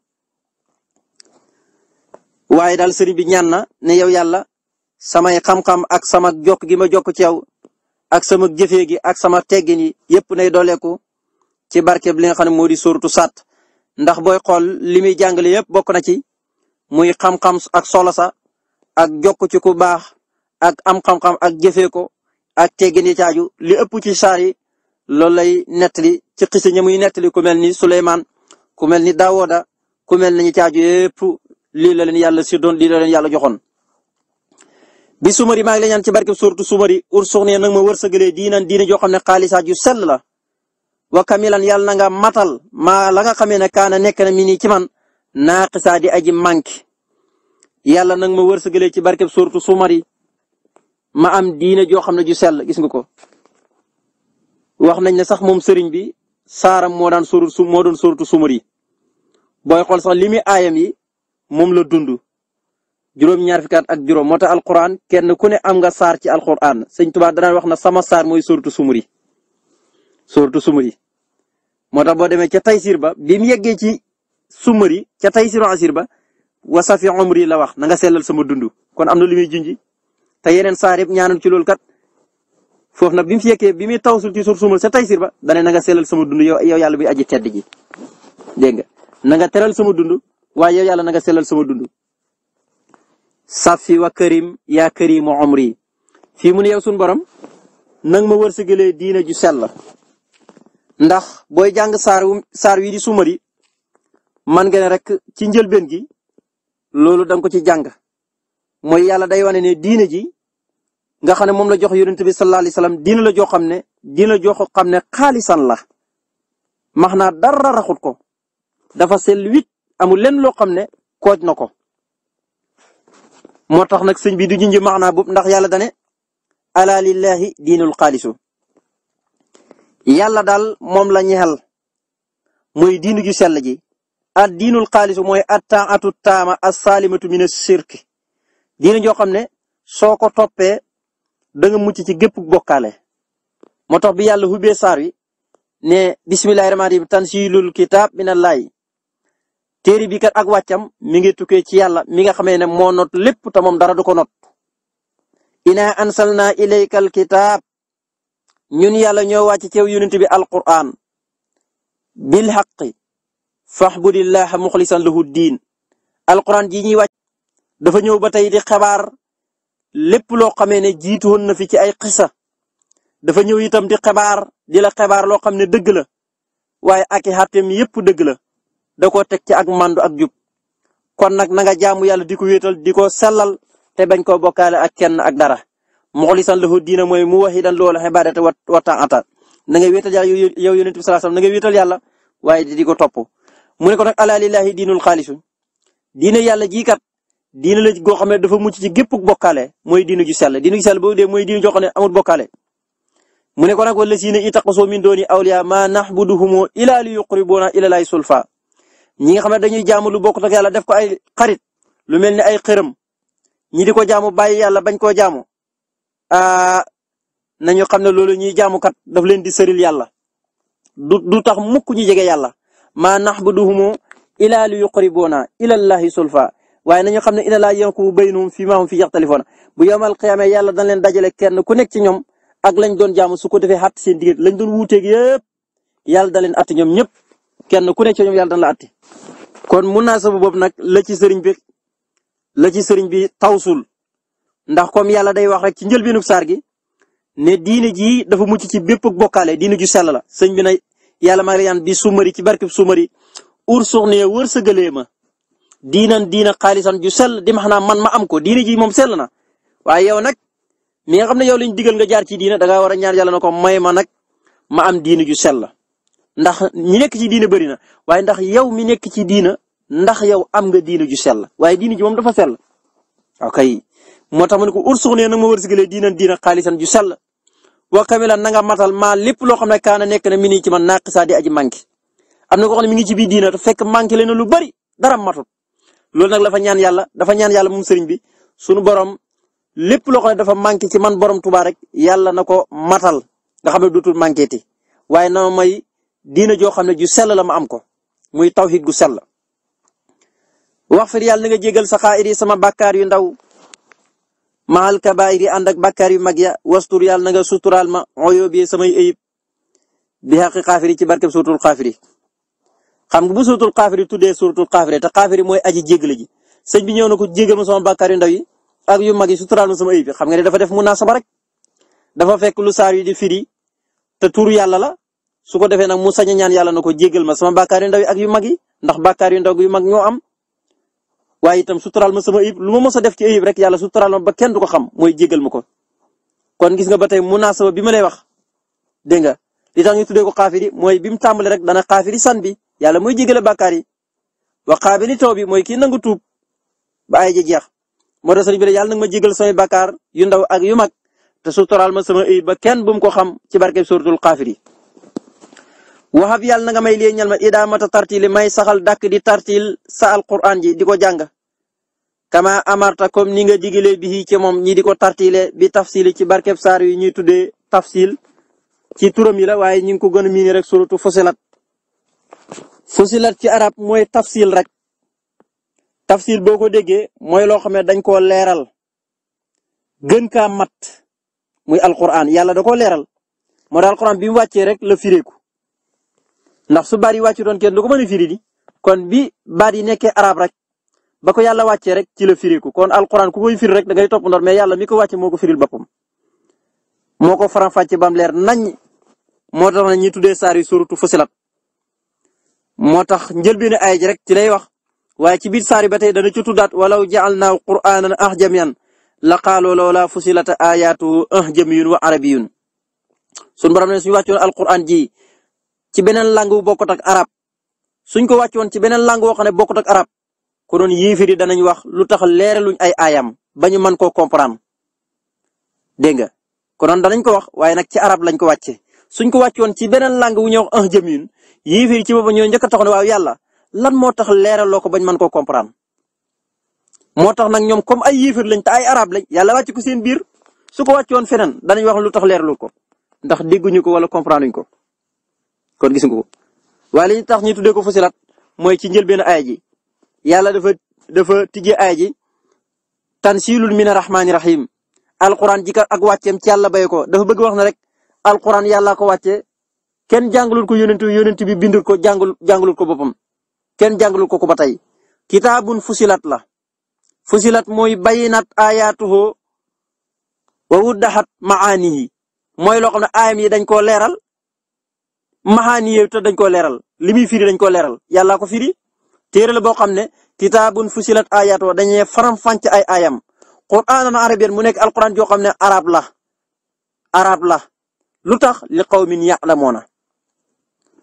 waaye daal sëriñ bi ñaan na ne yow yàlla samay xam-xam ak sama jokk gi ma jokk ci yow ak sama jëfee gi ak sama teggin yi yëpp nay dooleeku ci barkeb li nga xam ne moo di sóoratu saat ndax booy xool li muy jàngale yëpp bokk na ci muy xam-xam ak solo sa ak jokk ci ku baax ak am xam-xam ak jëfee ko ak teggin yi caaju li ëpp ci saar yi loolu lay nettali ci xisa ña muy nettali ku mel ni Suleymaan ku mel ni Daawuda ku mel ni ñu caaju yëpp lii la leen yàlla si doon lii la yàlla joxoon. bi sumari maa ngi lay ñaan ci barkeb suurtu sumari ur suxnee nag ma wërsëgalee diinan diine joo xam ne xaalisaat yu sel la wa kamilan yàlla na nga matal maa la nga xamee ne kaana nekk na mi nii ci man naaqisaa di aji manki yàlla nag ma wërsëgalee ci barkeb suurtu sumari ma am diine joo xam ne ju sell gis nga ko wax nañ ne sax moom sëriñ bi saaram moo daan suurtu moo doon suurtu sumari booy xool sax li muy aayam yi moom la dund juróom-ñaar fukki at ak juróom moo tax alquran kenn ku ne am nga saar ci alquran sëñ Tuubaa danaan wax na sama saar mooy suratu sumuri suratu sumuri moo tax boo demee ca taysir ba bi mu yeggee ci sumuri ca taysiru asir ba wasafi umri la wax na nga sellal sama dund kon am na lu muy junji te yeneen saar yëpp ñaanal ci loolu kat foofu nag bi mu fi yeggee bi muy tawsul ci suratu sumuri ba dane na nga sellal sama dund yow yow yàlla bi aji tedd ji nga na nga teral sama dund waaye yow yàlla na nga sellal sama dund safi wa karim yaa karimu umri fii mu ne yow sunu borom nang ma wërsëgalee diina ju sell ndax booy jàng saar saar wi di sumari man nga ne rek ci njëlbeen gi loolu danga ko ci jàng mooy yàlla day wane ne diina ji nga xam ne moom la jox yonent bi sallallahu alayhi wasallam diina la joo xam ne diina la joo xam ne xaalisan la max naa dara raxut ko dafa sell wit amul lenn loo xam ne kooj na ko moo tax nag sëñ bi du junj maanaa boobu ndax yàlla dane ala lillahi diinul xaalisu yàlla daal moom la ñexal moy diinu ju sell ji ak diinul xaalisu mooy attaatu taama assaalimatu min assirki diinu joo xam ne soo ko toppee da mucc ci gépp bokkaale moo tax bi yàlla hubbee saar wi ne bismillahi rahmaani rahim tansilul kitaab minallahi téere bi kat ak wàccam mi ngi tukkee ci yàlla mi nga xamee ne moo not lépp te moom dara du ko not ina ansalna ilaykal kitaab ñun yàlla ñoo wàcc ci yow yonent bi alquran bil haqqi fahbudillaha muxlisan lahu diin alquran ji ñuy wàcc dafa ñëw ba tey di xabaar lépp loo xamee ne jiitu woon na fi ci ay xisa dafa ñëw itam di xabaar di la xabaar loo xam ne dëgg la waaye ak i xàtteem yépp dëgg la da koo teg ci ak mandu ak jub kon nag na nga jaamu yàlla di ko wéetal di ko sellal te bañ koo bokkaale ak kenn ak dara muxlisan lahu diina mooy mu wahidan loolu ibadata wa taata na nga wéetal yàlla yow yonent bi sallallahu alayhi wasallam na nga wéetal yàlla waaye di ko topp mu ne ko nag ala lillahi diinul xaalisu diina yàlla jii kat diina la goo xam ne dafa mucc ci gépp bokkaale mooy diina ju sell diina ju sell boobu de mooy diina joo xam ne amul bokkaale mu ne ko nag wala siina itaqasoo min dooni awliya ma nahbuduhum ila li yuqribuna ila lay ñi nga xam ne dañuy jaamu lu bokkut ak yàlla def ko ay xarit lu mel ni ay xërëm ñi di ko jaamu bàyyi yàlla bañ koo jaamu ah nañu xam ne loolu ñuy jaamu kat daf leen di sëril yàlla du du tax mukk ñu jege yàlla ma nahbuduhum ila li yuqribuna ila llahi sulfa waaye nañu xam ne ina laa yanku baynahum fi ma fi fi yaxtalifoona bu yawmal qiyaama yàlla dañ leen dajale kenn ku nekk ci ñoom ak lañ doon jaamu su ko defee xàtt seen diggante lañ doon wuuteeg yëpp yàlla da leen ñoom ñëpp kenn ku ne ci ñoom yàlla dana la atti kon munaasaba boobu nag la ci sëriñ bi la ci sëriñ bi tawsul ndax comme yàlla day wax rek ci njëlbéenu saar gi ne diine jii dafa mucc ci bépp bokkaale diina ju sell la sëñ bi na yàlla maa ngi lay ñaan bi sumari ci barkib sumari ur suxnee wërsëgalee ma diinan diina xaalisan ju sella di ma xanaa man ma am ko diine ji moom sell na waaye yow nag mi nga xam ne yow liñ digal nga jaar ci diina da nga war a yàlla na ko may ma nag ma am diine ju sell la ndax ñi nekk ci diina bëri na waaye ndax yow mi nekk ci diina ndax yow am nga diina ju sell waaye diina ji moom dafa sell ok moo tax ma ne ko ursuux nee nag ma wërsëgalee diina diina xaalisan ju sell wa kamila na nga matal maa lépp loo xam ne kaana nekk na mi nii ci man naaqisaa di aji manqué am na ko xam ne mi ngi ci biir diina te fekk manqué leen lu bari dara matul loolu nag la fa ñaan yàlla dafa ñaan yàlla moom sëriñ bi sunu borom lépp loo xam ne dafa manqué ci man borom Tuubaa rek yàlla na ko matal nga xam ne dootul manqué ti na may diina joo xam ne ju sell la ma am ko muy taw tawhid gu sell wax fir yàlla na nga jégal sa sama bakkaar yu ndaw maal kabaayir yi ànd ak bakkaar yu mag ya wastur yàlla na nga suturaal ma oyoo sama samay ayib bi xaqi xaafiri ci barkeb xam nga bu suuratul xaafiri tuddee suuratul xaafiri te xaafiri mooy aji jégal ji sëñ bi ñëw na ko jégal ma sama bakkaar yu ndaw yi ak yu mag yi suturaal sama ayib xam nga ne dafa def munasaba rek dafa fekk lu saar yi di firi te tuuru yàlla la su ko defee nag mu sañ a ñaan yàlla na ko jéggal ma sama bàkkaar yu ndaw yi ak yu mag yi ndax bàkkaar yu ndaw yu mag ñoo am waaye itam suturaal ma sama ayib lu ma mës def ci ayib rek yàlla suturaal ma ba kenn du ko xam mooy jéggal ma ko kon gis nga ba tey munaasaba bi ma lay wax dégg nga li tax ñu tuddee ko xaafiri mooy bi mu tàmbale dana xaafiri san bi yàlla mooy jégale bàkkaar yi wa xaabili taw bi mooy kii nangu tuub ji jeex moo tax sëriñ bi yàlla nag ma jégal samay bàkkaar yu ndaw ak yu mag te toral ma sama ayib ba kenn bu mu ko xam ci barkeb suratul xaafiri waxab yàlla na nga may lee ñal ma idaamata tartili may saxal dàkk di tartil sa alquran ji di ko jàng kama amarta comme ni nga digile bii ci moom ñi di ko tartile bi tafsili ci barkeb saar yi ñuy tuddee tafsil ci turam yi la waaye ñi ngi ko gën a miin rek suratu fusilat fusilat ci arab mooy tafsil rek tafsil boo ko déggee mooy loo xam ne dañ koo leeral gën kaa mat muy alquran yàlla da koo leeral moo daal alquran bi mu wàccee rek la fireeku ndax su baat yi wàccu doon kenn du ko mën di kon bi baat yi nekkee arab rek ba ko yàlla wàccee rek ci la firiku kon alquran ko koy firi rek da ngay topp ndoor mais yàlla mi ko wàcce moo ko firil boppam. moo ko faram-fàccee bam leer nañ moo tax na ñi tuddee saar yi suratu Fusilat moo tax njëlbéenu ay ji rek ci lay wax waaye ci biir saar yi ba tey dana ci tuddaat walaw ja'alnaahu qur'aanan ajamiyyan la qaaloo lawlaa fusilat aayaatuhu ajamiyyun wa arabiyyun suñu borom ne suñu wàccoon alquran ji ci beneen langue bu bokkut ak arab suñ ko wàccoon ci beneen langue boo xam ne bokkut ak arab ko doon yéefiri danañ wax lu tax leeraluñ ay aayam ba ñu mën koo comprendre dégg nga konoon danañ ko wax waaye nag ci arab lañ ko wàcce suñ ko wàccoon ci beneen langue wu ñuy wax un jëmin yéefiri ci boobu ñoo njëkk a tax ne waaw yàlla lan moo tax leeraloo ko bañ mën koo comprendre. moo tax nag ñoom comme ay yéefir lañ te ay arab lañ yàlla wàcc ko seen biir su ko wàccoon feneen danañ wax lu tax leerlu ko ndax dégguñu ko wala comprendre ko. kon gis nga ko waaye li tax ñu tuddee ko fusilat mooy ci njëlbéenu aaya ji yàlla dafa dafa tijjee aaya ji tansilul mina rahmaani rahim alquran ji ak wàcceem ci yàlla ko dafa bëgg wax na rek alquran yàlla ko wàccee kenn jàngalul ko yonent yonent bi bindul ko jàngul jàngalul ko boppam kenn jàngalul ko ko ba tey kitaabun fusilat la fusilat mooy bayinat ayaatuhu wa wuddaxat maanihi mooy loo xam ne aayam yi dañ koo leeral maxaani yee te dañ koo leeral li muy firi dañ koo leeral yàllaa ko firi. téere la boo xam ne kitaabun fusilat ayat wa dañuy faram-fàcc ay ayam quraanan arabiyyan mu nekk alquran joo xam ne arab la arab la lu tax li qawmin ya'lamuuna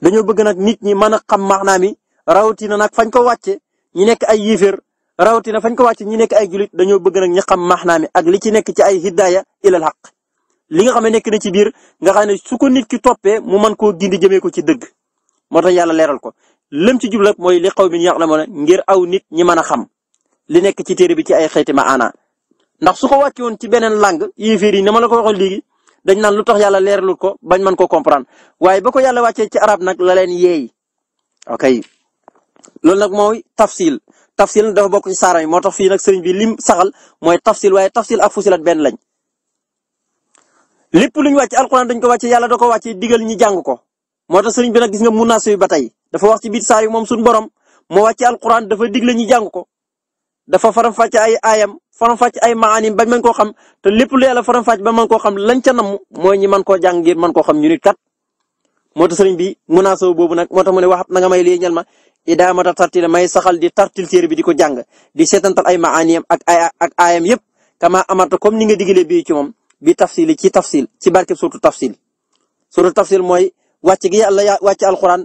dañoo bëgg nag nit ñi mën a xam maanaam yi rawatina nag fañ ko wàcce ñi nekk ay yéeféer rawatina fañ ko wàcce ñi nekk ay julit dañoo bëgg nag ñi xam maanaam yi ak li ci nekk ci ay hidaaya ilal haq li nga xam nekk na ci biir nga xam ne su ko nit ki toppee mu mën koo gindi jëmee ko ci dëgg moo tax yàlla leeral ko lëm ci jublu mooy li xaw mi ñu ya'lamuuna ngir aw nit ñi mën a xam li nekk ci téere bi ci ay xeeti maanaa ndax su ko wàcce woon ci beneen langue yéeféer yi ni ma la ko waxoon léegi dañ naan lu tax yàlla leeralul ko bañ mën ko comprendre waaye ba ko yàlla wàccee ci arab nag la leen yeey ok loolu nag mooy tafsil tafsil dafa bokk ci saara yi moo tax fii nag sëriñ bi lim saxal mooy tafsil waaye tafsil ak fusilat benn lañ lépp lu ñu wàcc alxuraan dañ ko wàcce yàlla da ko wàcce digal ñi jàng ko moo tax sëriñ bi nag gis nga mun naa sooy ba tey dafa wax ci biir saar yi moom suñu borom moo wàcce alxuraan dafa digle ñi jàng ko dafa faram-fàcce ay aayam faram-fàcce ay maanim bañ mën koo xam te lépp lu yàlla faram-fàcce ba mën koo xam lañ ca namm mooy ñi mën koo jàng ngir mën koo xam ñu nit kat moo tax sëriñ bi mun naa sooy boobu nag moo tax mu ne wax na nga may lii ñal ma idaamata tartil may saxal di tartil téere bi di ko jàng di seetantal ay maaniyam ak ak aayam yëpp kama amata comme ni nga digalee bii ci moom bi tafsili ci tafsil ci barkeb suratu tafsil suratu tafsil mooy wàcc gi yàlla wàcc alxuraan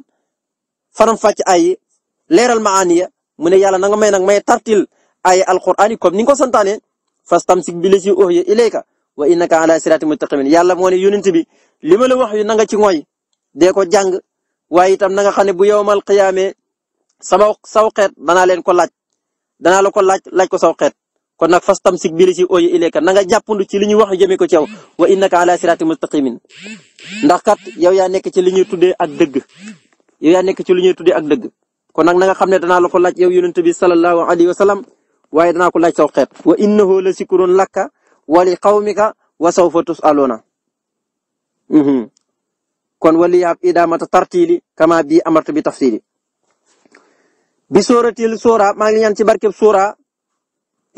faram fàcc ay leeral maani ya mu ne yàlla na nga may nag may tartil ay alxuraan yi comme ni nga ko santaane fastamsik bi la ci uhya ilayka wa innaka ala sirati mustaqimin yàlla moo ne yonent bi li ma la wax yu na nga ci mooy dee ko jàng waaye itam na nga xam ne bu yowmal qiyaamee sama saw xeet danaa leen ko laaj danaa la ko laaj laaj ko saw xeet kon nag fastamsik bi li ci ooyi ilayka na nga jàppandu ci li ñuy wax jëmee ko ci yow wa innaka ala sirati ndax kat yow yaa nekk ci li ñuy tuddee ak dëgg yow yaa nekk ci li ñuy tuddee ak dëgg ko nag na xam ne danaa la ko laaj yow yonent bi sallallahu alayhi wa sallam waaye danaa ko laaj saw xeet wa innahu la sikurun lakka wa li qawmika wa sawfa tusaluna mhm. kon wali yaab idamata tartili kama bi amartu bi tafsili bi sóoratil sóora maa ngi ñaan ci barkeb sóora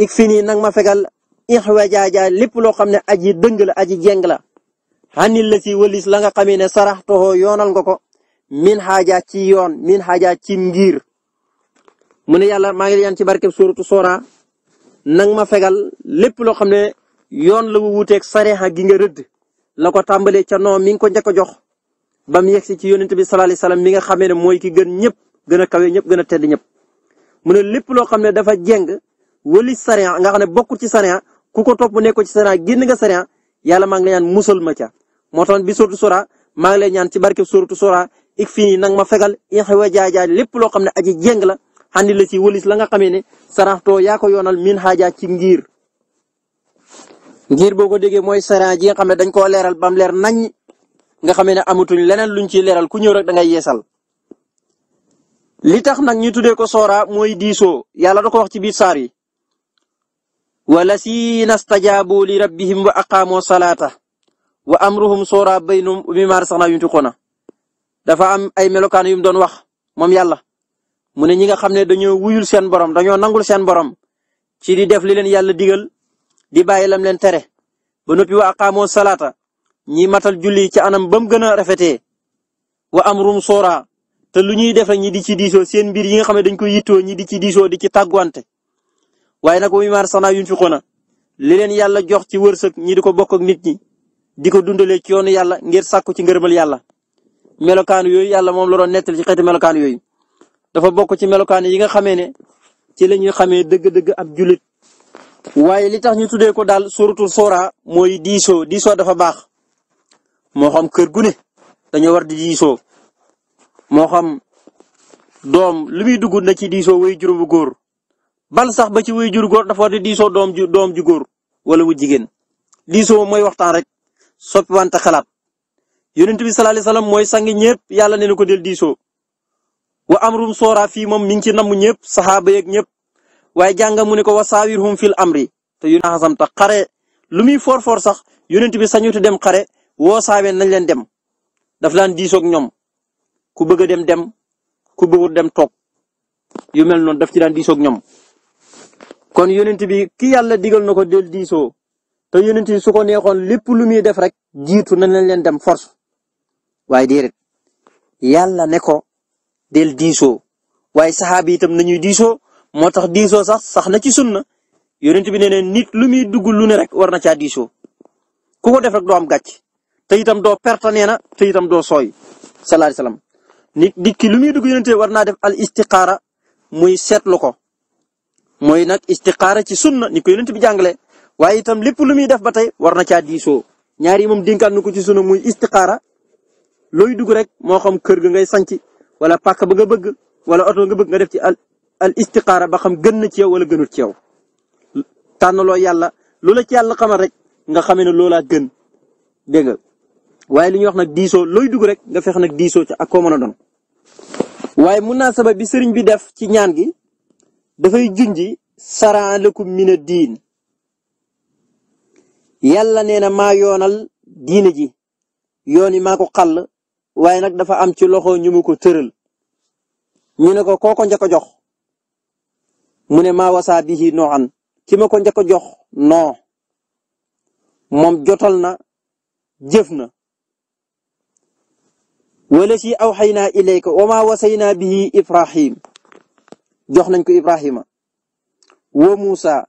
ik fi nii nag ma fegal ixwa jaaja lépp loo xam ne aji dëng la aji jeng la xanil la si walis la nga xamee ne saraxtoxoo yoonal nga ko min xaaja ci yoon min xaaja ci ngir mu ne yàlla maa ngi yan ci barkeb suuratu soora nang ma fegal lépp loo xam ne yoon la wu wuuteeg sareexa gi nga rëdd la ko tàmbalee ca noo mi ngi ko njëkk a jox bam yeg yegsi ci yonent bi sallallahu alayhi wasallam mi nga xamee ne mooy ki gën ñëpp gën a kawe ñëpp gën a tedd ñëpp mu lépp loo xam ne dafa jeng wali sariya nga xam ne bokkul ci sariya ku ko topp nekkul ci sariya génn nga sariya yàlla maa ngi lay ñaan musal ma ca moo bi suratu sora maa ngi lay ñaan ci barke suratu sora ik fii nag ma fegal ixwa jaaja lépp loo xam ne aji jéng la xandi la ci wëlis la nga xamee ne saraxtoo yaa ko yoonal min xaaja ci ngiir ngiir boo ko déggee mooy sariya ji nga xam ne dañ koo leeral bam leer nañ nga xamee ne amatuñ leneen luñ ci leeral ku ñëw rek da ngay yeesal li tax ñu tuddee ko soora mooy diisoo yàlla da ko wax ci biir saar yi si walasiina stajaabu li rabbihim wa aqaamoo salaata wa amruhum soora baynum mimaar sax naa yuntiqoona dafa am ay melokaan yu mu doon wax moom yàlla mu ne ñi nga xam ne dañoo wuyul seen borom dañoo nangul seen borom ci di def li leen yàlla digal di bàyyi lam leen tere ba noppi wa aqaamoo salaata ñi matal julli ci anam ba mu gën a rafetee wa amruhum soora te lu ñuy def rek ñi di ci diisoo seen mbir yi xam ne dañ koy yittoo ñi di ci diisoo di ci tàgguwante waaye nag wa mimmaa razaqnaahum yunfiquuna li leen yàlla jox ci wërsëg ñi di ko bokk ak nit ñi di ko dundalee ci yoonu yàlla ngir sàkku ci ngërëmal yàlla melokaan yooyu yàlla moom la doon nettali ci xeeti melokaan yooyu dafa bokk ci melokaan yi nga xamee ne ci la ñuy xamee dëgg-dëgg ab jullit waaye li tax ñu tuddee ko daal suratu sora mooy diisoo diisoo dafa baax moo xam kër gu ne dañoo war di diisoo moo xam doom lu muy dugg na ci diisoo woy juróom góor bal sax ba ci way jur góor dafa war di diisoo doom ju doom ju góor wala wu jigéen diisoo mooy waxtaan rek soppiwante xalaat yonent bi sallallahu salaam wasallam mooy sangi ñëpp yàlla ne na ko del diisoo wa amrum soora fii moom mi ngi ci namm ñëpp saxaaba yeeg ñëpp waaye jànga mu ne ko wasaawirhum fil amri te yu xasam ta xare lu muy for for sax yonent bi sañutu dem xare woo saawee nañ leen dem daf laan diisoog ñoom ku bëgg a dem dem ku bëggul dem toog yu mel noonu daf ci daan diisoog ñoom kon yonent bi ki yàlla digal na ko del diisoo te yonent bi suko ko neexoon lépp lu muy def rek jiitu na nañ leen dem force waaye déedéet yàlla ne ko del diisoo waaye saxaabi itam ñuy diisoo moo tax diso sax sax na ci sunna yonent bi ne ne nit lu muy dugg lu ne rek war na caa diisoo ku ko def rek doo am gàcc te itam doo perte nee na te itam doo sooy sallallahu alayhi wasallam nit nit ki lu muy dugg yonent war naa def al istiqaara muy seetlu ko mooy nag istiqaara ci sunna ni ko yonent bi jàngalee waaye itam lépp lu muy def ba tey war na caa diisoo ñaar yi moom dénkaat na ko ci sunna muy istiqaara looy dugg rek moo xam kër ga ngay sanc wala pàkk ba nga bëgg wala oto nga bëgg nga def ci al al istiqaara ba xam gën na ci yaw wala gënul ci yow tànnaloo yàlla lu la ci yàlla xamal rek nga xamee ne loolaa gën dégg nga waaye li ñu wax nag diisoo looy dugg rek nga fex nag diisoo ci ak koo mën a doon waaye mun naa sabab bi def ci ñaan gi dafay junji saraan lakum mina diin yàlla nee na maa yoonal diine ji yoon yi maa ko xàll waaye nag dafa am ci loxo ñu mu ko tëral ñu ne ko kooko jox mu ne maa wasaa bihi nooxan ki ko njëkk a jox noo moom jotal na jëf na wala si awxaynaa ilayka wa maa wasaynaa bihi ibrahim jox nañ ko Ibrahima woo Moussa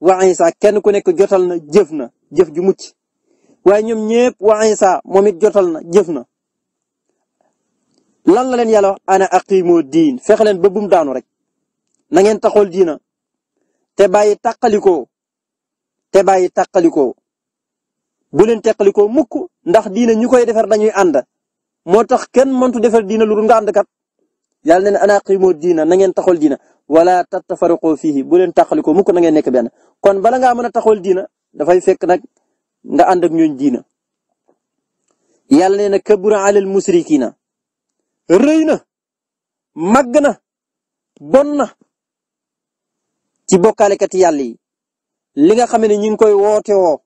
wa Isa kenn ku nekk jotal na jëf na jëf ju mucc waaye ñoom ñëpp wa Isa moom it jotal na jëf na lan la leen yàlla wax ana aqimu diin fexe leen ba daanu rek na ngeen taxool diina te bàyyi tàqalikoo te bàyyi tàqalikoo bu leen teqalikoo mukk ndax diina ñu koy defar dañuy ànd moo tax kenn mëntu defar diina lu dul nga ànd yàlla ne ana qiimu diina na ngeen taxawal diina wala tattafaraqu fihi bu leen taxaliko mukk na ngeen nekk benn kon bala ngaa mën a taxawal diina dafay fekk nag nga ànd ak ñooñ diina yàlla nee na kabura alal musrikina rëy na màgg na bon na ci bokkaalekat yàlla yi li nga xam ne ñu ngi koy woote woo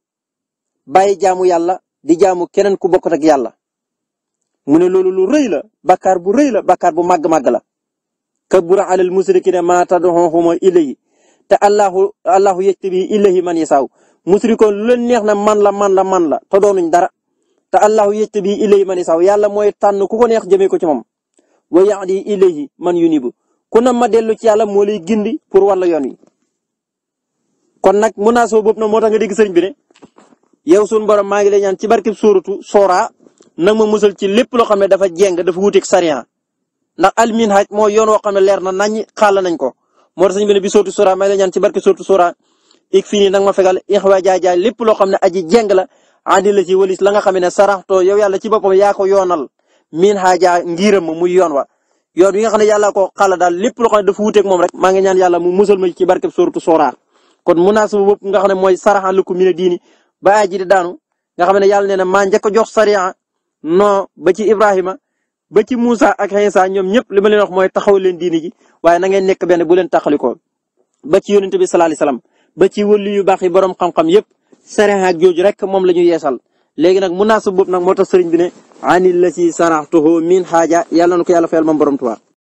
bàyyi jaamu yàlla di jaamu keneen ku bokkut ak yàlla mu ne loolu lu rëy la bakkaar bu rëy la bakkaar bu màgg-màgg la kabura alal musrikina maa tad'uuhum ilayhi te allahu allahu yajtabi ilayhi man yasaaw musrikoon lu leen neex na man la man la man la te doonuñ dara te allahu yajtabi ilayhi man yasaaw yàlla mooy tànn ku ko neex jëmee ko ci moom wa yahdi ilayhi man yu yunibu ku na ma dellu ci yàlla moo lay gindi pour walla yoon wi kon nag munaasoo boobu nag moo tax nga dégg sëriñ bi ne yow suñu ci barkeb suuratu Shuura nag ma musal ci lépp loo xam ne dafa jeng dafa wuuteeg sariya ndax alminhaj moo yoon woo xam ne leer na nañ xaala nañ ko moo tax sëñ bi ne bi sootu sura may la ñaan ci barke ma loo xam ne aji jeng la andi la ci walis la nga ne saraxtoo yow yàlla ci boppam yaa ko yoonal min xaajaa ngiram muy yoon wa yoon wi nga xam ne yàlla ko xala daal lépp loo xam ne dafa maa ngi ñaan yàlla mu musal ma ci barkeb sootu sura kon munaasaba bopp nga xam ne mooy saraxan lu ko mine diini ba aji di daanu nga xam ne yàlla nee na maa njëkk a jox sariya non ba ci Ibrahima ba ci Moussa ak Insa ñoom ñëpp li ma leen wax mooy taxaw leen diini ji waaye na ngeen nekk benn bu leen taxalikoo ba ci bi sallallahu alayhi wasallam ba ci wëllu yu baax yi borom xam-xam yëpp sariha ak jooju rek moom la ñu yeesal léegi nag munaasib boobu nag moo tax sëriñ bi ne anil la ci saraxtuhu min xaaja yàlla na ko yàlla fayal moom borom Tuubaa